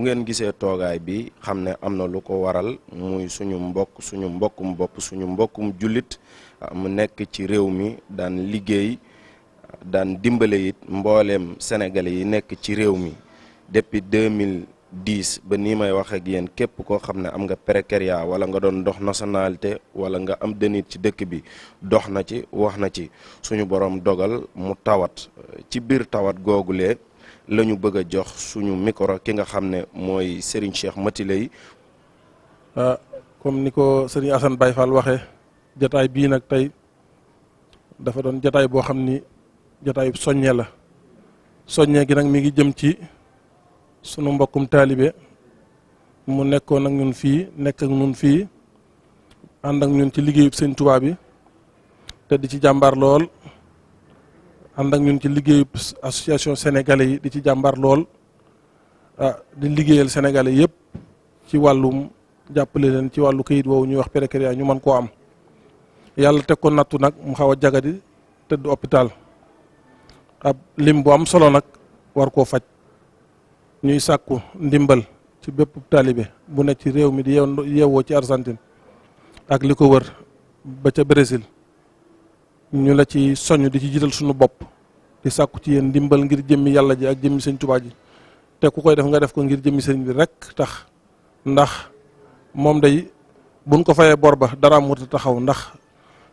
bu ngeen gisee toogaay bi xam ne am na lu ko waral muy suñu mbokk suñu mbokkum bopp suñu mbokkum jullit ah, mu nekk ci réew mi daan liggéey daan dimbale it mbooleem sénégalais yi nekk ci réew mi depuis 2010 ba nii may wax ak yéen képp koo xam ne am nga précaria wala nga doon dox nationalité wala nga am denit ci dëkk bi dox na ci wax na ci suñu borom dogal mu tawat ci biir tawat googulee lañu ñu bëgg a jox suñu micro ki nga xam ne mooy sëriñ Cheikh Mati Lay ah comme ni ko Serigne Assane Baye Fall waxee jataay bii nag tey dafa doon jataay boo xam ni jataay soññee la soññee gi nag mi ngi jëm ci sunu mbokkum taalibe mu nekkoon ak ñun fii nekk ak ñun fii ànd ak ñun ci liggéeyub Serigne Touba bi te di ci jàmbaar lool ànd ak ñun ci liggéeyu association sénégalais yi di ci jàmbar lool ah di liggéeyal sénégalais yëpp ci wàllum jàppale leen ci wàllu kayit woowu ñuy wax précaria ñu man koo am yàlla teg ko nattu nag mu xaw a jagadi tëdd hôpital ab lim bu am solo nag war koo faj ñuy sàkku ndimbal ci bépp taalibe bu nekk ci réew mi di yeewoo ci Argentine ak li ko wër ba ca Brésil ñu la ci soññ di ci jiital suñu bopp di sàkku ci yéen ndimbal ngir jëmmi yàlla ji ak jëmmi sëñ Tuubaa ji te ku koy def nga def ko ngir jëmmi seen bi rek tax ndax moom day buñ ko fayee bor ba dara mu taxaw ndax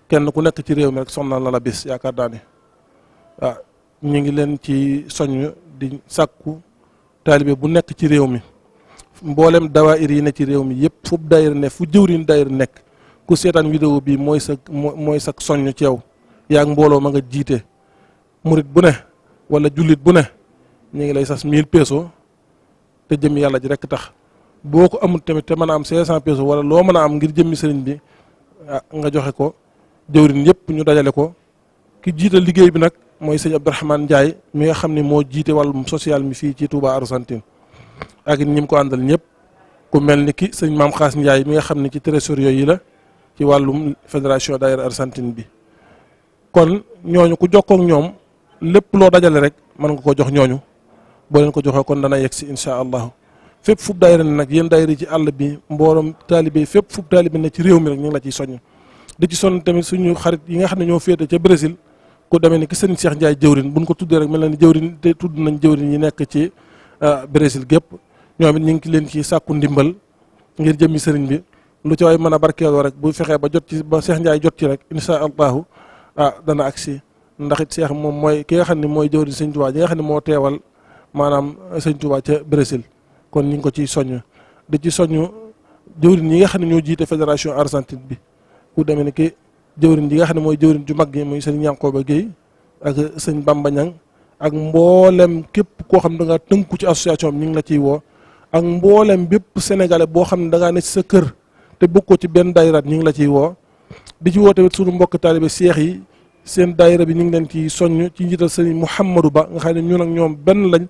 kenn ku nekk ci réew mi rek sonnal na la bis yaakaar daa ne ah ñu ngi leen ci soññ di sàkku taalibe bu nekk ci réew mi mboolem dawaayir yi ne ci réew mi yëpp fu daayir ne fu jëwriñ daayir nekk ku seetaan vidéo bii mooy sa mooy sa soññ ci yow yaag mbooloo ma nga jiite murit bu ne wala jullit bu ne ñu ngi lay sas 1000 peeso te jëmmi yàlla ji rek tax boo ko amul tamit te mën a am 500 peeso wala loo mën a am ngir jëmmi sëriñ bi ah, nga joxe ko jëwrin yëpp ñu dajale ko ki jiite liggéey bi nag mooy sëñ Abdourahmane Ndiaye mi nga xam ne moo jiite wàllum sociale mi fii ci Touba Argentine ak ñi ko àndal ñëpp ku mel ni ki sëñ Maam Xaas Ndiaye mi nga xam ne ci trésorier yi la ci wàllum fédération daayira Argentine bi kon ñooñu ku jokkook ñoom lépp loo dajale rek mën nga ko jox ñooñu boo leen ko joxee kon dana yegg si incha allahu fépp fub daayira ne nag yéen daayira ci àll bi mboorom taalibe fépp fub taalibe ne ci réew mi rek ñoom la ciy soññ di ci sonn tamit suñu xarit yi nga xam ne ñoo féete ca Brésil ku demee ni ki sëriñ Cheikh Ndiaye jëwrin buñ ko tuddee rek mel na ni jëwrin te tudd nañ jëwrin yi nekk ci ah, Brésil gépp ñoom it ñu ngi ki leen ci sàkku ndimbal ngir jëmmi sëriñ bi lu ci waay mën a barkeeloo rek bu fexee ba jot ci ba Cheikh Ndiaye jot ci rek incha allahu ah dana agsi ndax it seex moom mooy ki nga xam ne mooy jëwriñ sëñ Tuubaa ji nga xam ne moo teewal maanaam eh, sëñ Tuubaa ca Brésil kon ñu ngi ko ciy soññ di ci soñu jëwriñ yi nga xam ne ñoo jiite fédération argentine bi ku demee ni ki jëwriñ yi nga xam ne mooy jëwriñ ju mag gi muy sëñ ba Géey ak sëñ Bamba ak mboolem képp koo xam da ngaa tënku ci association bi ñu ngi la ciy woo ak mboolem bépp sénégale boo xam ne da ngaa ne ci sa kër te ko ci benn dayiraat ñu ngi la ciy woo di ci woo tamit sunu mbokk taalibe seex yi seen daayira bi ñu ngi leen ciy soñ ci njiital sëñ Mouhamadou Ba nga xam ne ñun ak ñoom benn lañ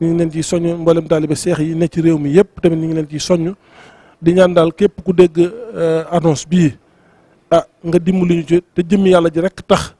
ñu ngi leen ciy soñ mboolem taalibe seex yi ne ci réew mi yëpp tamit ñu ngi leen ciy soññ di ñaan daal képp ku dégg euh, annonce bii ah nga dimbali ñu ci te jëmmi yàlla ji rek tax